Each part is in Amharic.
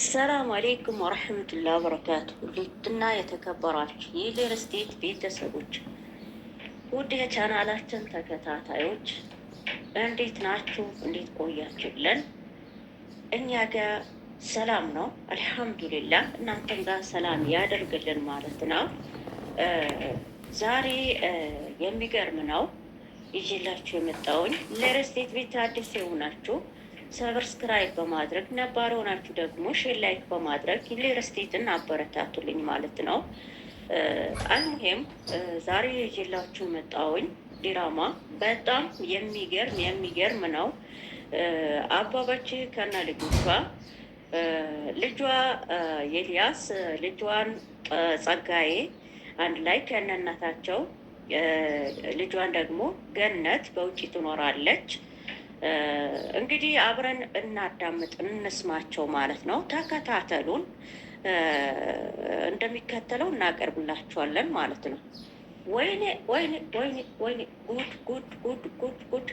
ሰላም አሌይኩም ወረህመቱላህ በረካቱ ውድና የተከበራችሁ የሪል ስቴት ቤተሰቦች ውድ የቻናላችን ተከታታዮች እንዴት ናችሁ? እንዴት ቆያችሁልን? እኛ ጋር ሰላም ነው አልሐምዱሊላህ። እናንተም ጋር ሰላም ያደርግልን ማለት ነው። ዛሬ የሚገርም ነው ይዤላችሁ የመጣውኝ ለሪል ስቴት ቤት አዲስ የሆናችሁ ሰብስክራይብ በማድረግ ነባር ሆናችሁ ደግሞ ሼር ላይክ በማድረግ ዩኒቨርስቲትን አበረታቱልኝ ማለት ነው። አልሙሄም ዛሬ የጀላችሁ መጣውኝ ዲራማ በጣም የሚገርም የሚገርም ነው። አባባች ከነ ልጆቿ ልጇ ኤልያስ ልጇን ጸጋዬ አንድ ላይ ከነ እናታቸው ልጇን ደግሞ ገነት በውጭ ትኖራለች። እንግዲህ አብረን እናዳምጥ እንስማቸው ማለት ነው። ተከታተሉን፣ እንደሚከተለው እናቀርብላችኋለን ማለት ነው። ወይኔ ወይኔ ወይኔ ወይኔ ጉድ ጉድ ጉድ ጉድ ጉድ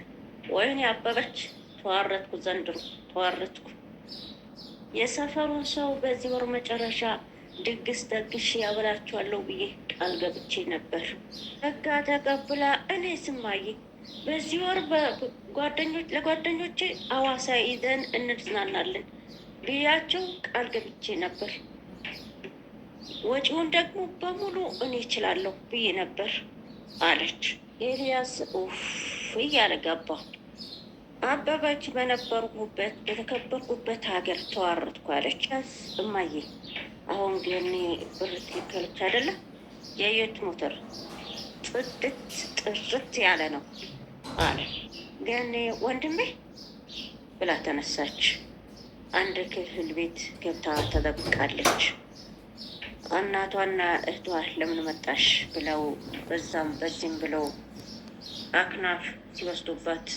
ወይኔ አበበች ተዋረድኩ፣ ዘንድሮ ተዋረድኩ። የሰፈሩን ሰው በዚህ ወር መጨረሻ ድግስ ደግሽ ያበላችኋለሁ ብዬ ቃል ገብቼ ነበር። ህጋ ተቀብላ እኔ ስማዬ በዚህ ወር ለጓደኞቼ አዋሳ ይዘን እንዝናናለን ብያቸው ቃል ገብቼ ነበር። ወጪውን ደግሞ በሙሉ እኔ እችላለሁ ብዬ ነበር አለች። ኤልያስ ኡፍ እያለ ገባ። አበበች በነበርኩበት በተከበርኩበት ሀገር ተዋረድኩ አለች። እማዬ አሁን ግን ብር ትከልች አይደለም የየት ሞተር ጥድት ጥርት ያለ ነው አለ። ግን ወንድሜ ብላ ተነሳች። አንድ ክፍል ቤት ገብታ ተጠብቃለች። እናቷና እህቷ ለምን መጣሽ ብለው በዛም በዚህም ብለው አክናፍ ሲወስዱባት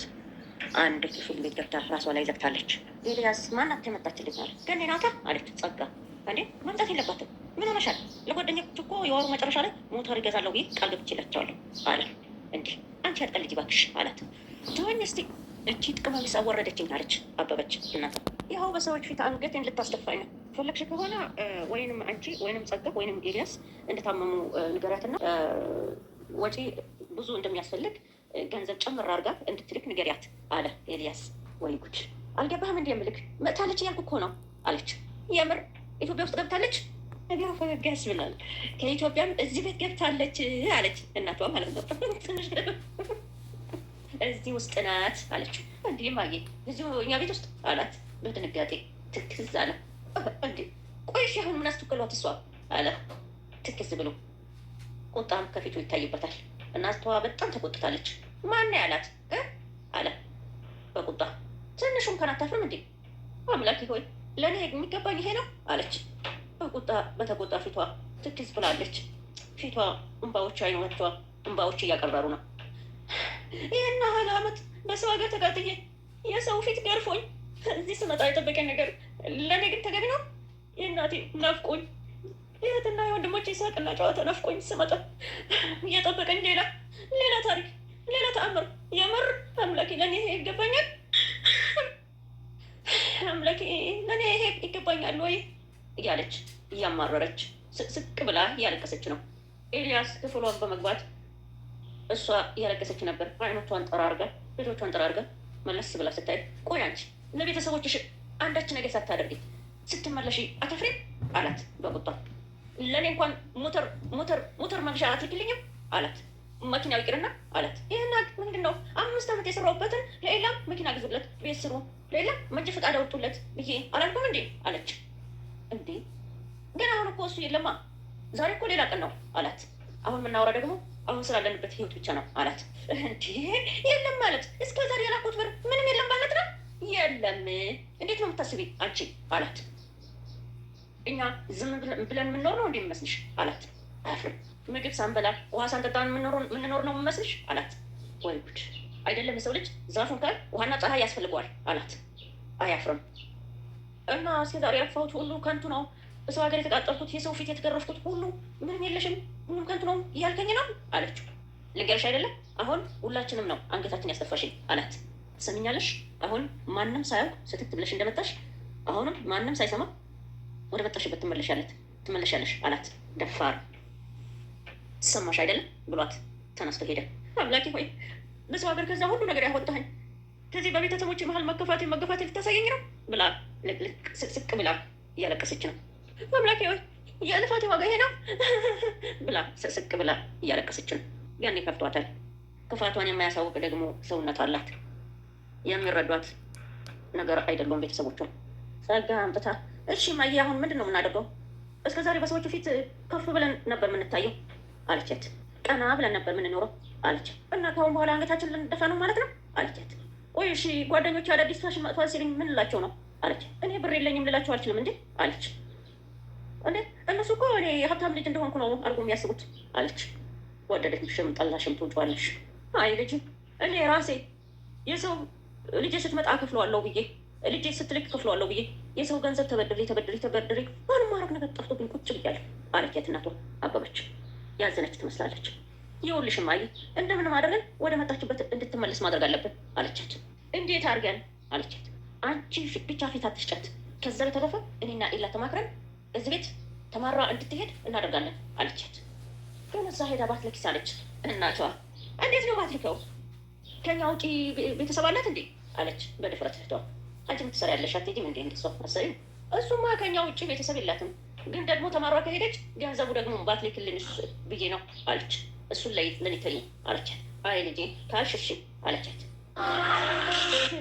አንድ ክፍል ቤት ገብታ ራሷ ላይ ዘግታለች። ኤልያስ ማናት የመጣችልኝ አለ። ገኔ ናታ አለች ጸጋ። እንዴ መምጣት የለባትም ምን ሆነሻል? ለጓደኞች እኮ የወሩ መጨረሻ ላይ ሞተር ይገዛለሁ ብዬ ቃል ገብቼላቸዋለሁ አለ። እንዲህ አንቺ አትቀልጂ እባክሽ አላት። ተወኝ እስቲ እቺ ጥቅመቢስ አወረደችኝ አለች አበበች። እናት ይኸው በሰዎች ፊት አንገቴን ልታስደፋኝ ነው። ፈለግሽ ከሆነ ወይንም አንቺ ወይንም ጸጋ ወይንም ኤልያስ እንደታመሙ ንገሪያትና ወጪ ብዙ እንደሚያስፈልግ ገንዘብ ጨምር አድርጋ እንድትልክ ንገሪያት አለ ኤልያስ። ወይ ጉድ አልገባህም እንዲ የምልክ መጥታለች እያልኩ እኮ ነው አለች። የምር ኢትዮጵያ ውስጥ ገብታለች ነገሩ ፈገግ ያስብላል። ከኢትዮጵያም እዚህ ቤት ገብታለች አለች እናቷ ማለት ነው። እዚህ ውስጥ ናት አለችው። እንዲህ ማየ ብዙ እኛ ቤት ውስጥ አላት። በድንጋጤ ትክዝ አለ። እንዲ ቆይሽ አሁን ምን አስተከሏት እሷ አለ ትክዝ ብሎ ቁጣም ከፊቱ ይታይበታል። እናቷ በጣም ተቆጥታለች። ማን ያላት አለ በቁጣ ትንሹም ከናታፍርም እንዴ አምላኪ ሆይ ለእኔ የሚገባኝ ይሄ ነው አለች። በቁጣ በተቆጣ ፊቷ ትክዝ ብላለች። ፊቷ እንባዎች አይኖቿ እንባዎች እያቀረሩ ነው። ይህን ያህል አመት በሰው ሀገር ተቃጥዬ የሰው ፊት ገርፎኝ እዚህ ስመጣ የጠበቀኝ ነገር ለእኔ ግን ተገቢ ነው። የእናቴ ናፍቆኝ የእህትና የወንድሞች የሳቅና ጨዋታ ናፍቆኝ ስመጣ እየጠበቀኝ ሌላ ሌላ ታሪክ ሌላ ተአምር። የምር አምላኬ ለእኔ ይሄ ይገባኛል። አምላኬ ለእኔ ይሄ ይገባኛል ወይ እያለች እያማረረች ስቅ ብላ እያለቀሰች ነው። ኤልያስ ክፍሏን በመግባት እሷ እያለቀሰች ነበር። አይኖቿን ጠራ አርጋ ልጆቿን ጠራ አርጋ መለስ ብላ ስታይ፣ ቆይ አንቺ ለቤተሰቦችሽ አንዳች ነገር ሳታደርጊ ስትመለሽ አታፍሪም? አላት በቁጣ። ለእኔ እንኳን ሞተር ሞተር ሞተር መግዣ አትልክልኝም? አላት መኪና ይቅርና አላት። ይህና ምንድን ነው አምስት ዓመት የሰራሁበትን ለሌላ መኪና ግዙለት፣ ቤት ስሩ፣ ሌላ መንጃ ፈቃድ አውጡለት ብዬ አላልኩም እንዴ? አለች እንዴ ግን አሁን እኮ እሱ የለማ ዛሬ እኮ ሌላ ቀን ነው አላት። አሁን የምናወራ ደግሞ አሁን ስላለንበት ህይወት ብቻ ነው አላት። እንዲህ የለም ማለት እስከ ዛሬ የላኩት ብር ምንም የለም ማለት ነው? የለም እንዴት ነው የምታስቢ አንቺ አላት። እኛ ዝም ብለን የምንኖር ነው እንዴ የሚመስልሽ አላት። አያፍርም ምግብ ሳንበላ ውሃ ሳንጠጣ የምንኖር ነው የሚመስልሽ አላት። ወይ ጉድ አይደለም የሰው ልጅ ዛፉን ካል ውሃና ፀሐይ ያስፈልገዋል አላት። አያፍርም እና እስከ ዛሬ ያፋሁት ሁሉ ከንቱ ነው እሰው ሀገር የተቃጠልኩት የሰው ፊት የተገረፍኩት ሁሉ ምንም የለሽም ምንም ከንቱ ነው እያልከኝ ነው አለችው። ልንገርሽ አይደለም አሁን ሁላችንም ነው አንገታችን ያስተፋሽኝ አላት። ትሰምኛለሽ? አሁን ማንም ሳያውቅ ስትት ብለሽ እንደመጣሽ አሁንም ማንም ሳይሰማ ወደ መጣሽበት ትመለሻለት ትመለሻለሽ አላት። ደፋር ትሰማሽ አይደለም ብሏት ተነስቶ ሄደ። አምላኪ ሆይ በሰው ሀገር ከዛ ሁሉ ነገር ያወጣኝ ከዚህ በቤተሰቦች መሀል መገፋቴ መገፋቴ ልታሳየኝ ነው ብላ ስቅ ብላ እያለቀሰች ነው አምላኬ ወይ የእልፋት ዋጋ ይሄ ነው ብላ ስቅስቅ ብላ እያለቀሰች ነው። ያኔ ከፍቷታል። ክፋቷን የማያሳውቅ ደግሞ ሰውነት አላት። የሚረዷት ነገር አይደለውም ቤተሰቦቿ። ጸጋ አምጥታ እሺ ማየ አሁን ምንድን ነው የምናደርገው? እስከ ዛሬ በሰዎቹ ፊት ከፍ ብለን ነበር የምንታየው አለቻት። ቀና ብለን ነበር የምንኖረው አለች። እና ከአሁን በኋላ አንገታችን ልንደፋ ነው ማለት ነው አለቻት። ቆይ እሺ ጓደኞች አዳዲስ ፋሽን መጥቷል ሲልኝ ምን ልላቸው ነው አለች። እኔ ብር የለኝም ልላቸው አልችልም እንዴ አለች። እንዴ እነሱ እኮ እኔ የሀብታም ልጅ እንደሆንኩ ነው አድርጎ የሚያስቡት አለች። ወደደችም ጠላሽም ትውጫለሽ። አይ ልጅ እኔ ራሴ የሰው ልጅ ስትመጣ ከፍለዋለሁ ብዬ ልጅ ስትልክ ከፍለዋለሁ ብዬ የሰው ገንዘብ ተበድሬ ተበድሬ ተበድሬ ማንም ማድረግ ነገር ጠፍቶብኝ ቁጭ ብያለሁ አለች። የትናቷ አበበች ያዘነች ትመስላለች። ይኸውልሽም አይ እንደምንም አድርገን ወደ መጣችበት እንድትመለስ ማድረግ አለብን አለቻት። እንዴት አድርገን አለቻት። አንቺ ብቻ ፊት አትስጨት። ከዛ በተረፈ እኔና ኢላ ተማክረን እዚህ ቤት ተማራ እንድትሄድ እናደርጋለን አለቻት። ግን እዛ ሄዳ ባትለኪስ አለች እናቷ። እንዴት ነው ባትልከው? ከኛ ውጪ ቤተሰብ አላት እንዴ አለች በድፍረት እህቷ። አንቺ ምትሰሪ ያለሽ አትሄጂም እንዴ እንደ መሰሪ። እሱማ ከኛ ውጭ ቤተሰብ የላትም፣ ግን ደግሞ ተማሯ ከሄደች ገንዘቡ ደግሞ ባትልክልን ብዬ ነው አለች። እሱን ላይ ለኒተኝ አለቻት። አይ ልጄ ካልሽ አለቻት።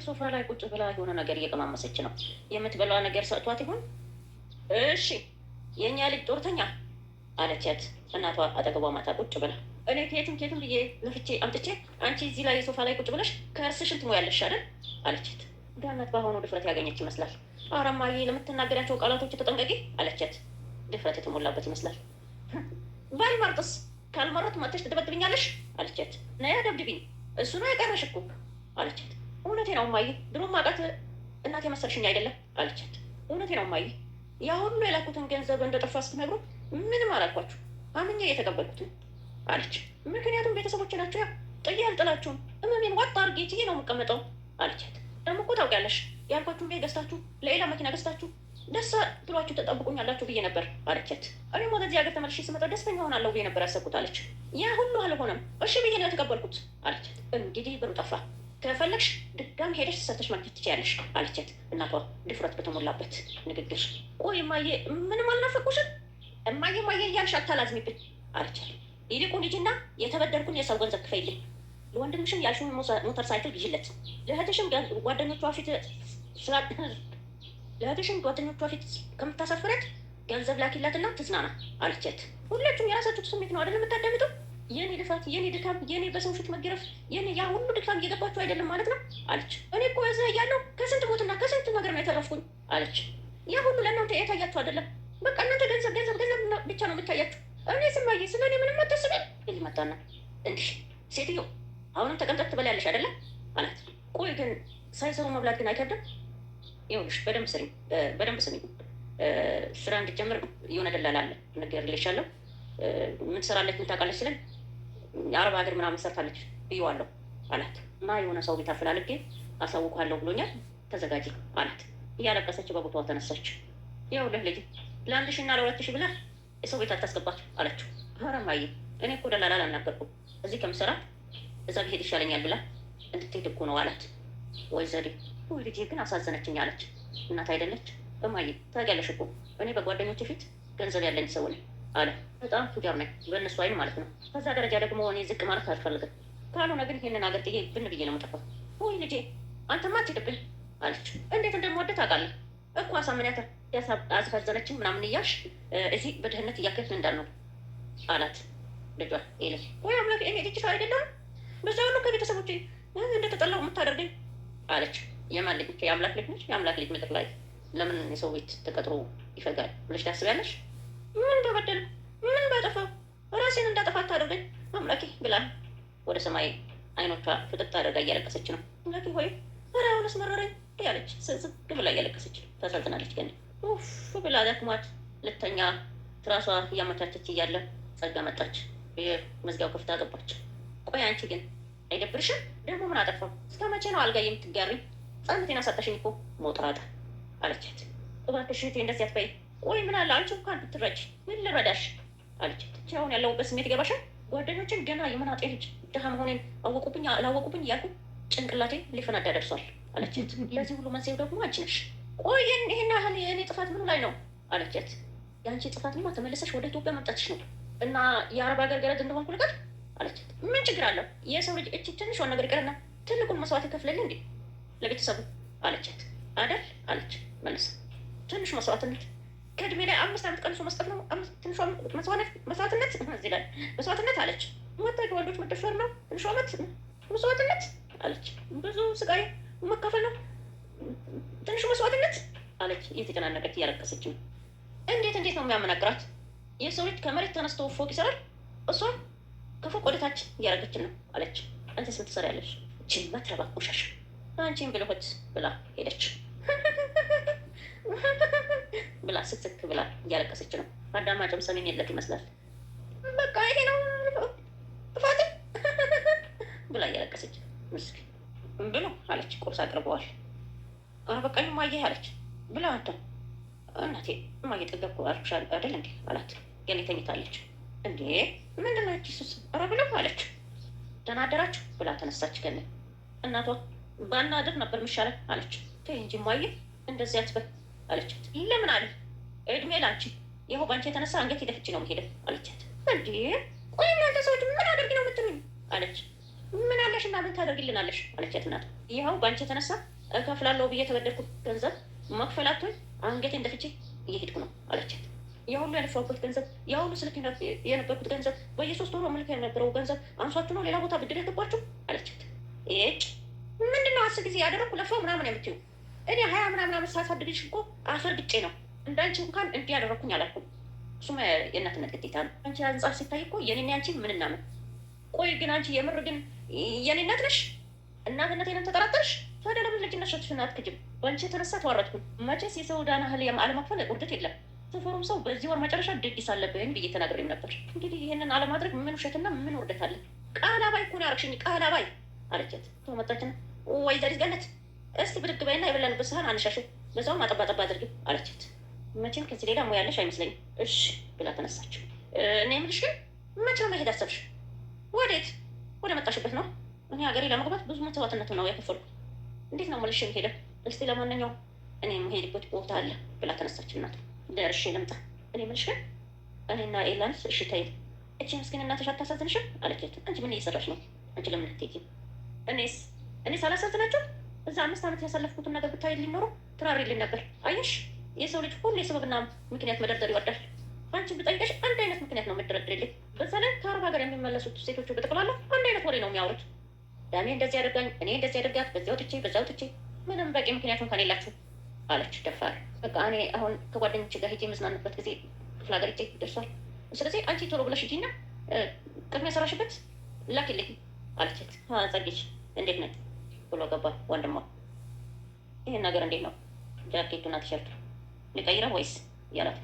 ሶፋ ላይ ቁጭ ብላ የሆነ ነገር እየቀማመሰች ነው። የምትበላ ነገር ሰጥቷት ይሆን እሺ የእኛ ልጅ ጦርተኛ አለቻት። እናቷ አጠገቧ ማታ ቁጭ ብላ እኔ ከየትም ከየትም ብዬ ለፍቼ አምጥቼ አንቺ እዚህ ላይ የሶፋ ላይ ቁጭ ብለሽ ከርስሽን ትሞያለሽ አይደል አለቻት። ገነት በአሁኑ ድፍረት ያገኘች ይመስላል። ኧረ ለምትናገሪያቸው ቃላቶች ተጠንቀቂ አለቻት። ድፍረት የተሞላበት ይመስላል። ባል መርጥስ ካልመረጥ መጥተሽ ትደበድብኛለሽ አለቻት። ነያ ደብድብኝ፣ እሱ ነው የቀረሽ እኮ አለቻት። እውነቴ ነው እማዬ፣ ድሮ ማውቃት እናቴ መሰልሽኝ አይደለም አለቻት። እውነቴ ነው እማዬ ያ ሁሉ የላኩትን ገንዘብ እንደጠፋ ስትነግሩ ምንም አላልኳችሁ አንኛ እየተቀበልኩትን አለች። ምክንያቱም ቤተሰቦች ናቸው። ያ ጥዬ አልጥላችሁም፣ እመሜን ዋጥ አድርጌ ትዬ ነው የምቀመጠው አለቻት። ደግሞ እኮ ታውቂያለሽ ያልኳችሁን ቤት ገዝታችሁ ለሌላ መኪና ገዝታችሁ ደስ ብሏችሁ ተጠብቁኛላችሁ ብዬ ነበር አለቻት። እኔም ወደዚህ ሀገር ተመልሼ ስመጣ ደስተኛ ሆናለሁ ብዬ ነበር ያሰብኩት አለች። ያ ሁሉ አልሆነም፣ እሺ ብዬ ነው የተቀበልኩት አለቻት። እንግዲህ ብሩ ጠፋ። ከፈለግሽ ድጋም ሄደሽ ተሰተሽ ማግኘት ትችያለሽ አለቻት እናቷ ድፍረት በተሞላበት ንግግር። ቆይ ማየ ምንም አልናፈቁሽም? እማየ ማየ እያልሽ አታላዝሚብኝ አለቻት። ይልቁን ልጅና የተበደርኩን የሰው ገንዘብ ክፈይልኝ፣ ለወንድምሽም ያልሽውን ሞተር ሳይክል ግዢለት፣ ለእህትሽም ጓደኞቿ ፊት ለእህትሽም ጓደኞቿ ፊት ከምታሳፍረት ገንዘብ ላኪላትና ትዝናና አለቻት። ሁላችሁም የራሳችሁ ስሜት ነው አይደለም የምታዳምጠው የኔ ልፋት፣ የኔ ድካም፣ የኔ በሰው ፊት መገረፍ፣ የኔ ያ ሁሉ ድካም እየገባችሁ አይደለም ማለት ነው አለች። እኔ እኮ እዛ ያለው ከስንት ሞትና ከስንት ነገር ነው የተረፍኩኝ አለች። ያ ሁሉ ለእናንተ የታያችሁ አይደለም። በቃ እናንተ ገንዘብ ገንዘብ ገንዘብ ብቻ ነው የምታያችሁ። እኔ ስማየ ስለ እኔ ምንም አታስብም። ይል መጣና እንዲህ ሴትዮ አሁንም ተቀምጠት ትበላለሽ አይደለም አላት። ቆይ ግን ሳይሰሩ መብላት ግን አይከብድም? ይኸውልሽ በደንብ ስሪ፣ በደንብ ስሪ። ስራ እንድጀምር የሆነ ደላላ አለ፣ ነገር ልሻለሁ። ምን ትሰራለች ምን ታውቃለች ስለን አረብ ሀገር ምናምን ሰርታለች ብየዋለሁ አላት። እና የሆነ ሰው ቤት አፈላልጌ አሳውቃለሁ ብሎኛል፣ ተዘጋጅ አላት። እያለቀሰች በቦታዋ ተነሳች። ይኸውልህ ልጅ ለአንድ ሽና እና ለሁለት ሺ ብለህ የሰው ቤት አታስገባችሁ አለችው። ኧረ እማዬ እኔ እኮ ደላላ አላናገርኩም እዚህ ከምሰራ እዛ ብሄድ ይሻለኛል ብላ እንድትሄድ እኮ ነው አላት። ወይ ዘዴ ልጅ ግን አሳዘነችኝ አለች። እናት አይደለች እማዬ ታውቂያለሽ እኮ እኔ በጓደኞች ፊት ገንዘብ ያለኝ ሰው ነኝ አለ። በጣም ፉጃር ነኝ በእነሱ አይን ማለት ነው። በዛ ደረጃ ደግሞ እኔ ዝቅ ማለት አልፈልግም። ካልሆነ ግን ይህንን አገር ጥዬ ብን ብዬ ነው የምጠፋው። ወይ ልጄ አንተማ አትሄድብኝ አለች። እንዴት እንደምወደት አውቃለሁ እኮ አሳምንያት አስፈዘነችን ምናምን እያልሽ እዚህ በድህነት እያከፍን እንዳልነው አላት። ልጇ ይለ ወይ አምላክ እኔ ልጅ አይደለም በዛ ሁሉ ከቤተሰቦች እንደተጠላው የምታደርገኝ አለች። የማን ልጅ? የአምላክ ልጅ ነች። የአምላክ ልጅ ምድር ላይ ለምን የሰው ቤት ተቀጥሮ ይፈጋል ብለሽ ታስቢያለሽ? ምን በበደል ምን ባጠፋው? ራሴን እንዳጠፋ ታደርገኝ አምላኬ ብላ ወደ ሰማይ አይኖቿ ፍጥጥ አድርጋ እያለቀሰች ነው። አምላኬ ሆይ ኧረ አሁንስ መረረኝ እያለች ስዝግ ብላ እያለቀሰች ታሳዝናለች። ግን ኡፍ ብላ ደክሟት ልተኛ ትራሷ እያመቻቸች እያለ ጸጋ መጣች። መዝጊያው ከፍታ ገባች። ቆይ አንቺ ግን አይደብርሽም? ደግሞ ምን አጠፋው? እስከ መቼ ነው አልጋ የምትጋሪ? ጻምቴን አሳጣሽኝ እኮ ሞጥራጣ አለቻት። እባክሽ እህቴ እንደዚህ አትበይ ወይ ምን አለ አንቺ እንኳን ብትረጭ ምን ልረዳሽ አለች። ትች አሁን ያለሁበት ስሜት ይገባሻል። ጓደኞችን ገና የመናጤ ልጅ ድሀ መሆኔን አወቁብኝ አላወቁብኝ እያልኩ ጭንቅላቴ ሊፈናዳ ደርሷል አለችት። ለዚህ ሁሉ መንስኤው ደግሞ አንቺ ነሽ። ቆይ ይህን ያህል የእኔ ጥፋት ምኑ ላይ ነው አለችት። የአንቺ ጥፋት ጥፋትማ ተመለሰሽ ወደ ኢትዮጵያ መምጣትሽ ነው እና የአረብ ሀገር ገረድ እንደሆንኩ ነገር አለችት። ምን ችግር አለው? የሰው ልጅ እቺ ትንሽ ዋን ነገር ይቀርና ትልቁን መስዋዕት ይከፍላል እንዴ ለቤተሰቡ አለችት። አደል አለች መልስ ትንሽ መስዋዕትነት ከእድሜ ላይ አምስት ዓመት ቀንሶ መስጠት ነው። ትንሿ መስዋዕትነት እዚህ መስዋዕትነት አለች። ወታጅ ወንዶች መደፈር ነው። ትንሿ ዓመት መስዋዕትነት አለች። ብዙ ስቃይ መካፈል ነው። ትንሹ መስዋዕትነት አለች። እየተጨናነቀች እያለቀሰች ነው። እንዴት እንዴት ነው የሚያመናግራት? የሰው ልጅ ከመሬት ተነስቶ ፎቅ ይሰራል። እሷ ከፎቅ ወደታች እያደረገችን ነው አለች። አንተስ ምን ትሰሪያለሽ? ችመት ረባ ቆሻሻ አንቺን ብልሆት ብላ ሄደች። ብላ ስትክ ብላ እያለቀሰች ነው። አዳማጭም ሰሜን የለት ይመስላል። በቃ ይሄ ነው ጥፋት ብላ እያለቀሰች ምስኪን ብሎ አለች። ቁርስ አቅርበዋል። በቃ ማየ አለች ብላ አንተ እናቴ ማየ ጠገብኩ አልኩሽ አይደል እንዴ አላት። ገኔ ተኝታለች እንዴ ምንድን ነው ሱስ ረ ብለው አለች። ደህና አደራችሁ ብላ ተነሳች። ገለ እናቷ ባናድር ነበር ምሻለን አለች። ተይ እንጂ ማየ እንደዚያ አትበል አለቻት። ለምን አለ እድሜ ላንቺ ይኸው ባንቺ የተነሳ አንገት ደፍቼ ነው የምሄደው አለቻት። እንዴ ቆይ እናንተ ሰዎች ምን አደርግ ነው የምትሉኝ አለች። ምን አለሽ እና ምን ታደርግልናለሽ አለቻት እናት። ይኸው ባንቺ የተነሳ እከፍላለሁ ብዬ የተበደርኩት ገንዘብ መክፈላቱን አንገቴን ደፍቼ እየሄድኩ ነው አለቻት። የሁሉ ያለፋሁበት ገንዘብ የሁሉ ስልክ የነበርኩት ገንዘብ በየሶስት ወሩ ምልክ የነበረው ገንዘብ አንሷችሁ ነው ሌላ ቦታ ብድር ያገባችሁ አለቻት። ይጭ ምንድነው አስር ጊዜ ያደረግኩ ለፋ ምናምን የምትዩ እኔ ሀያ ምናምን ዓመት ሳሳድግሽ እኮ አስረግጬ ነው እንዳንቺ እንኳን እንዲህ ያደረኩኝ አላልኩም። እሱም የእናትነት ግዴታ ነው። አንቺ አንጻር ሲታይ እኮ የኔና አንቺ ምን እናምን። ቆይ ግን አንቺ የምር ግን የኔ እናት ነሽ? እናትነቴንም ተጠራጠርሽ? ታዲያ ለምን ሸትሽና አትክጂም? በአንቺ የተነሳ ተዋረድኩኝ። መቼስ የሰው ዕዳና እህል አለማክፈል ውርደት የለም። ሰፈሩም ሰው በዚህ ወር መጨረሻ ድግስ አለብኝ ብዬ ተናግሬም ነበር። እንግዲህ ይህንን አለማድረግ ምን ውሸትና ምን ውርደት አለ? ቃላባይ እኮ ነው ያደረግሽኝ፣ ቃላባይ አለቻት። ተመጣችን ወይዘሪት ገነት እስቲ ብድግ በይና የበላንበት ሳህን አነሻሽው፣ በዛውም አጠባጠባ አድርጊ አለቻት። መቼም ከዚህ ሌላ ሙያ ያለሽ አይመስለኝም። እሺ ብላ ተነሳች። እኔ የምልሽ ግን መቼ መሄድ አሰብሽ? ወዴት? ወደ መጣሽበት ነው። እኔ ሀገሬ ለመግባት ብዙ መስዋዕትነት ነው ያከፈልኩት። እንዴት ነው መልሽ የምሄደው? እስቲ ለማንኛውም እኔ የምሄድበት ቦታ አለ ብላ ተነሳች። እናት ደርሼ ልምጣ። እኔ የምልሽ ግን እኔና ኤላንስ እሺ ተይኝ። እቺ ምስኪን እናትሽ አታሳዝንሽም? አለቻት። አንቺ ምን እየሰራች ነው? አንቺ ለምን አትሄጂም? እኔስ እኔስ አላሳዝናቸው እዛ አምስት ዓመት ያሳለፍኩትን ነገር ብታይ ሊኖሩ ትራሪ ትራሪልኝ ነበር። አየሽ የሰው ልጅ ሁሉ የሰበብና ምክንያት መደርደር ይወዳል። አንቺ ብጠይቀሽ አንድ አይነት ምክንያት ነው የምትደረድርልኝ። በዛ ላይ ከአረብ ሀገር የሚመለሱት ሴቶቹ በጠቅላላ አንድ አይነት ወሬ ነው የሚያወሩት። ዳሜ እንደዚህ ያደርጋኝ፣ እኔ እንደዚህ ያደርጋት፣ በዚያ ወጥቼ በዚያ ወጥቼ፣ ምንም በቂ ምክንያት እንኳን የላችሁ አለች ደፋር። በቃ እኔ አሁን ከጓደኞች ጋር ሄጄ የምዝናንበት ጊዜ ክፍለ ሀገር ሄጄ ደርሷል። ስለዚህ አንቺ ቶሎ ብለሽ ሂጂና ቅድሚያ ሰራሽበት ላኪልኝ አለችት። ጸጌች እንዴት ነ ብሎ ገባ ወንድሟ። ይህን ነገር እንዴት ነው ጃኬቱና ቲሸርቱ ልቀይረው ወይስ እያላት፣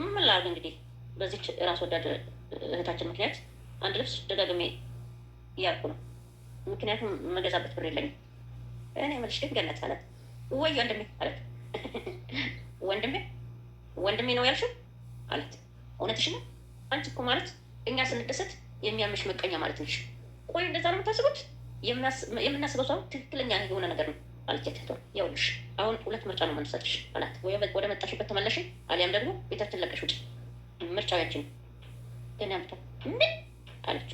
ምን ላድርግ እንግዲህ በዚች ራስ ወዳድ እህታችን ምክንያት አንድ ልብስ ደጋግሜ እያልኩ ነው። ምክንያቱም መገዛበት ብር የለኝም። እኔ የምልሽ ግን ገነት አላት። ወይ ወንድሜ አላት። ወንድሜ ወንድሜ ነው ያልሽው አላት። እውነትሽ ነው አንቺ እኮ ማለት እኛ ስንደሰት የሚያምሽ መቀኛ ማለት ነሽ። ቆይ እንደዛ ነው የምታስቡት? የምናስበው ሰው ትክክለኛ የሆነ ነገር ነው አለቻት። እህቷ ያውልሽ አሁን ሁለት ምርጫ ነው የምንሰጥሽ አላት። ወደ መጣሽበት ተመለሽ፣ አሊያም ደግሞ ቤታችን ለቀሽ ውጭ። ምርጫው ያንቺ ነው። ገና ያምታ ምን አለች።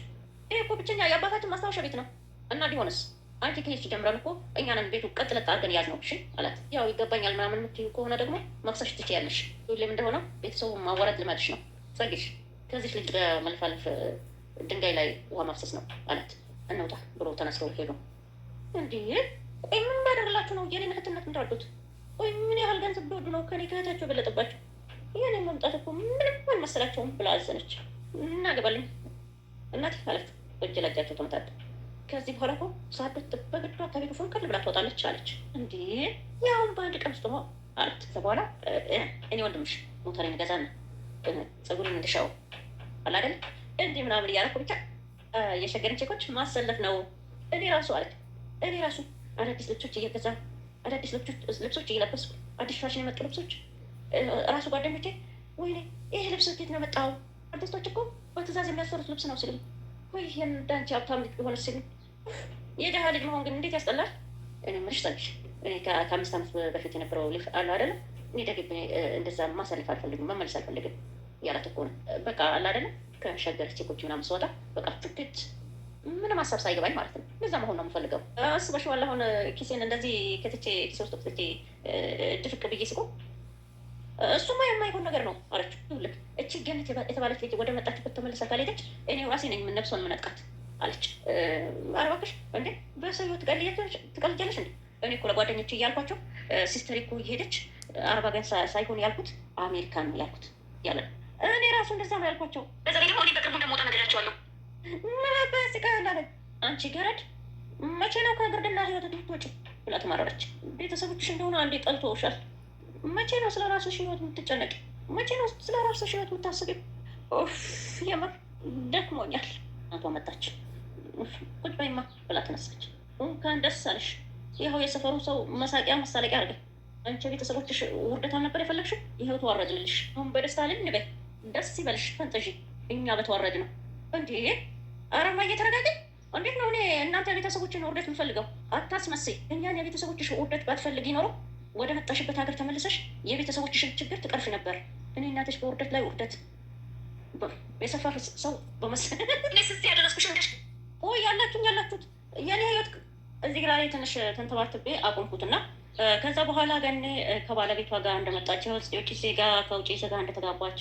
ይህ እኮ ብቸኛ የአባታችን ማስታወሻ ቤት ነው እና እንዲሆንስ አንቺ ከሄድሽ ጀምረን እኮ እኛንን ቤቱ ቀጥ ለጥ አድርገን ያዝ ነው እሺ አላት። ያው ይገባኛል ምናምን የምትይው ከሆነ ደግሞ መፍሰሽ ትችያለሽ። ሁሌም እንደሆነ ቤተሰቡ ማዋረድ ልማድሽ ነው። ጸግሽ ከዚህ ልጅ ለመልፋልፍ ድንጋይ ላይ ውሃ ማፍሰስ ነው አላት። እንውጣ ብሎ ተነስተው ሄዱ። እንዲህ ቆይ ምን የሚያደርግላችሁ ነው? የኔን እህትነት እንዳሉት ቆይ ምን ያህል ገንዘብ ቢወዱ ነው ከኔ ከእህታቸው የበለጠባቸው? የኔ መምጣት እኮ ምንም አልመሰላቸውም ብላ አዘነች። እናገባለን እናት ማለት እጅ ለእጃቸው ተመታጠ። ከዚህ በኋላ እኮ ሳትወጥ በግዷ ከቤቱ ፉንቅል ብላ ትወጣለች አለች። እንዲህ ያሁን በአንድ ቀን ውስጥ ነው አለት። ከዛ በኋላ እኔ ወንድምሽ ሞተር የሚገዛ ነው ፀጉርን እንድሻው አላደል እንዲህ ምናምን እያረኩ ብቻ የሸገር ቼኮች ማሰለፍ ነው። እኔ ራሱ አለ እኔ ራሱ አዳዲስ ልብሶች እየገዛ አዳዲስ ልብሶች እየለበስኩ አዲስ ፋሽን የመጡ ልብሶች ራሱ ጓደኞቼ ወይኔ ይህ ልብስ እንዴት ነው መጣው? አርቲስቶች እኮ በትእዛዝ የሚያሰሩት ልብስ ነው ሲሉኝ፣ ወይ እንዳንቺ ሀብታም የሆነ ቢሆን ሲሉኝ፣ ልጅ መሆን ግን እንዴት ያስጠላል። እኔ ምንሽ ጠልሽ ከአምስት ዓመት በፊት የነበረው ልጅ አለ አደለ እኔ ደግሜ እንደዛ ማሳለፍ አልፈልግም፣ መመለስ አልፈልግም እያላት እኮ ነው። በቃ አለ አደለም ከሸገር ቼኮች ምናምን ስወጣ በቃ ፍግድ ምንም ሀሳብ ሳይገባኝ ማለት ነው። እንደዛ መሆን ነው የምፈልገው። አስበሽዋል? አሁን ኪሴን እንደዚህ ከትቼ ኪሴ ውስጥ ክትቼ ድፍቅ ብዬ ስቆ እሱማ የማይሆን ነገር ነው አለችው። ልክ እቺ ገነት የተባለች ልጅ ወደ መጣችበት ተመልሳ ካልሄደች እኔ ራሴ ነኝ ነብሷን ምነጥቃት አለች። አረባክሽ እንዴ በሰው ትቀልጃለሽ እንዴ? እኔ እኮ ለጓደኞች እያልኳቸው ሲስተር እኮ እየሄደች አረባ ገን ሳይሆን ያልኩት አሜሪካን ያልኩት ያለ ነው እኔ ራሱ እንደዛ ነው ያልኳቸው። በዛ ደግሞ እኔ በቅርቡ እንደምወጣ ነገራቸዋለሁ። ምናባስ ቃላለ አንቺ ገረድ፣ መቼ ነው ከግርድና ህይወት ትወጪ? ብላ ተማረረች። ቤተሰቦችሽ እንደሆነ አንዴ ጠልቶሻል። መቼ ነው ስለ ራስሽ ህይወት የምትጨነቂ? መቼ ነው ስለ ራስሽ ህይወት የምታስቢ? የምር ደክሞኛል። አቶ መጣች። ቁጭ በይማ ብላ ተነሳች። እንኳን ደስ አለሽ። ይኸው የሰፈሩ ሰው መሳቂያ መሳለቂያ አድርገን አንቺ ቤተሰቦችሽ ውርደታ ነበር የፈለግሽው? ይኸው ተዋረድልሽ። አሁን በደስታ ልንበይ ደስ ይበልሽ፣ ፈንጥሽ። እኛ በተዋረድ ነው እንዴ? አረማ እየተረጋገኝ እንዴት ነው እኔ እናንተ የቤተሰቦችን ውርደት የምፈልገው? አታስመስይ። እኛን የቤተሰቦችሽ ውርደት ባትፈልግ ኖሮ ወደ መጣሽበት ሀገር ተመልሰሽ የቤተሰቦችሽን ችግር ትቀርፍ ነበር። እኔ እናትሽ በውርደት ላይ ውርደት፣ የሰፈር ሰው በመስስ ያደረስኩሽ እንደ ያላችሁኝ ያላችሁት የኔ ህይወት እዚህ ላይ ትንሽ ተንተባትቤ አቆምኩትና ከዛ በኋላ ገኔ ከባለቤቷ ጋር እንደመጣች የውጭ ዜጋ ከውጭ ዜጋ እንደተጋባች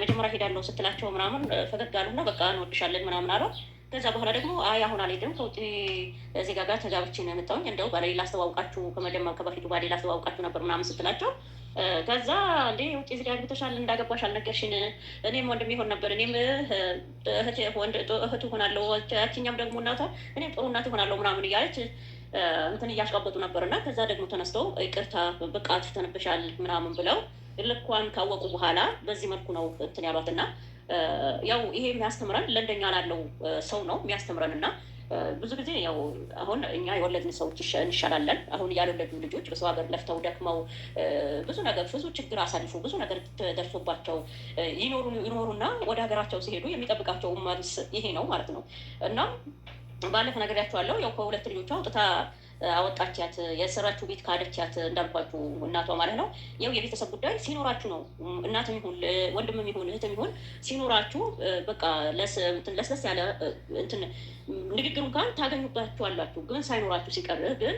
መጀመሪያ ሄዳለሁ ስትላቸው ምናምን ፈገግ አሉና በቃ እንወድሻለን ምናምን አለው። ከዛ በኋላ ደግሞ አይ አሁን አልሄድም ከውጭ ዜጋ ጋር ተጋብቼ ነው የመጣሁኝ። እንደው ባሌ ላስተዋውቃችሁ ከመጀመ ከበፊቱ ባሌ ላስተዋውቃችሁ ነበር ምናምን ስትላቸው ከዛ እንዴ ውጭ ዜጋ ግብተሻል እንዳገባሽ አልነገርሽን፣ እኔም ወንድም ይሆን ነበር እኔም እህት ሆናለሁ፣ ያችኛም ደግሞ እናቷ እኔም ጥሩ እናት ሆናለሁ ምናምን እያለች እንትን እያሽቃበጡ ነበር እና ከዛ ደግሞ ተነስተው ይቅርታ ብቃት ተንብሻል ምናምን ብለው ልኳን ካወቁ በኋላ በዚህ መልኩ ነው እንትን ያሏት እና ያው ይሄ የሚያስተምረን ለእንደኛ ላለው ሰው ነው የሚያስተምረን እና ብዙ ጊዜ ያው አሁን እኛ የወለድን ሰዎች እንሻላለን። አሁን ያልወለዱ ልጆች በሰው ሀገር ለፍተው ደክመው ብዙ ነገር ብዙ ችግር አሳልፉ ብዙ ነገር ደርሶባቸው ይኖሩ ይኖሩና ወደ ሀገራቸው ሲሄዱ የሚጠብቃቸው መልስ ይሄ ነው ማለት ነው እና ባለፈ ነገር ነገሪያቸዋለሁ። ያው ከሁለት ልጆቿ አውጥታ አወጣቻት የሰራችሁ ቤት ካደቻት እንዳልኳችሁ እናቷ ማለት ነው። ያው የቤተሰብ ጉዳይ ሲኖራችሁ ነው እናትም ይሁን ወንድም ይሁን እህትም ይሁን ሲኖራችሁ በቃ ለስለስ ያለ እንትን ንግግር እንኳን ታገኙባችኋላችሁ። ግን ሳይኖራችሁ ሲቀር ግን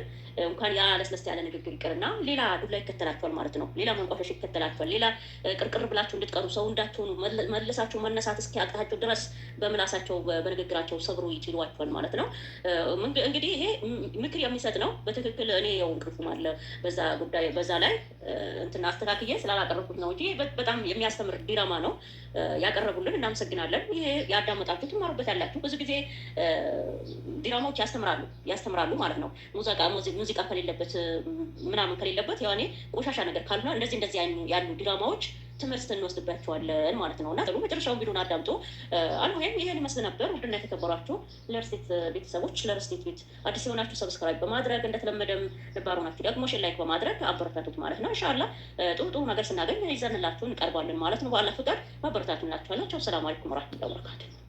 እንኳን ያ ለስለስ ያለ ንግግር ይቅርና ሌላ ዱላ ይከተላችኋል ማለት ነው። ሌላ መንቋሸሽ ይከተላችኋል። ሌላ ቅርቅር ብላችሁ እንድትቀሩ ሰው እንዳትሆኑ መልሳችሁ መነሳት እስኪያቅታችሁ ድረስ በምላሳቸው በንግግራቸው ሰብሩ ይችሏችኋል ማለት ነው። እንግዲህ ይሄ ምክር የሚሰ ስህተት ነው በትክክል እኔ የው እንቅልፉም አለ በዛ ጉዳይ በዛ ላይ እንትን አስተካክዬ ስላላቀረብኩት ነው እንጂ በጣም የሚያስተምር ዲራማ ነው ያቀረቡልን። እናመሰግናለን። ይሄ ያዳመጣችሁ ትማሩበት ያላችሁ ብዙ ጊዜ ዲራማዎች ያስተምራሉ ያስተምራሉ ማለት ነው። ሙዚቃ ከሌለበት ምናምን ከሌለበት ያኔ ቆሻሻ ነገር ካልሆነ እንደዚህ እንደዚህ ያሉ ዲራማዎች ትምህርት እንወስድባቸዋለን ማለት ነው። እና መጨረሻው ቢሉን አዳምጦ አልሙሄም ይሄን ይመስል ነበር። ውድና የተከበሯችሁ ለርስቴት ቤተሰቦች ለርስቴት ቤት አዲስ የሆናችሁ ሰብስክራይብ በማድረግ እንደተለመደም ነባሩ ናችሁ ደግሞ ሽን ላይክ በማድረግ አበረታቱት ማለት ነው። እንሻላ ጥሩ ጥሩ ነገር ስናገኝ ይዘንላችሁ እንቀርባለን ማለት ነው። በአላህ ፍቃድ ማበረታቱ ቻው፣ ሰላም አለይኩም ወራህመቱላሂ ወበረካቱህ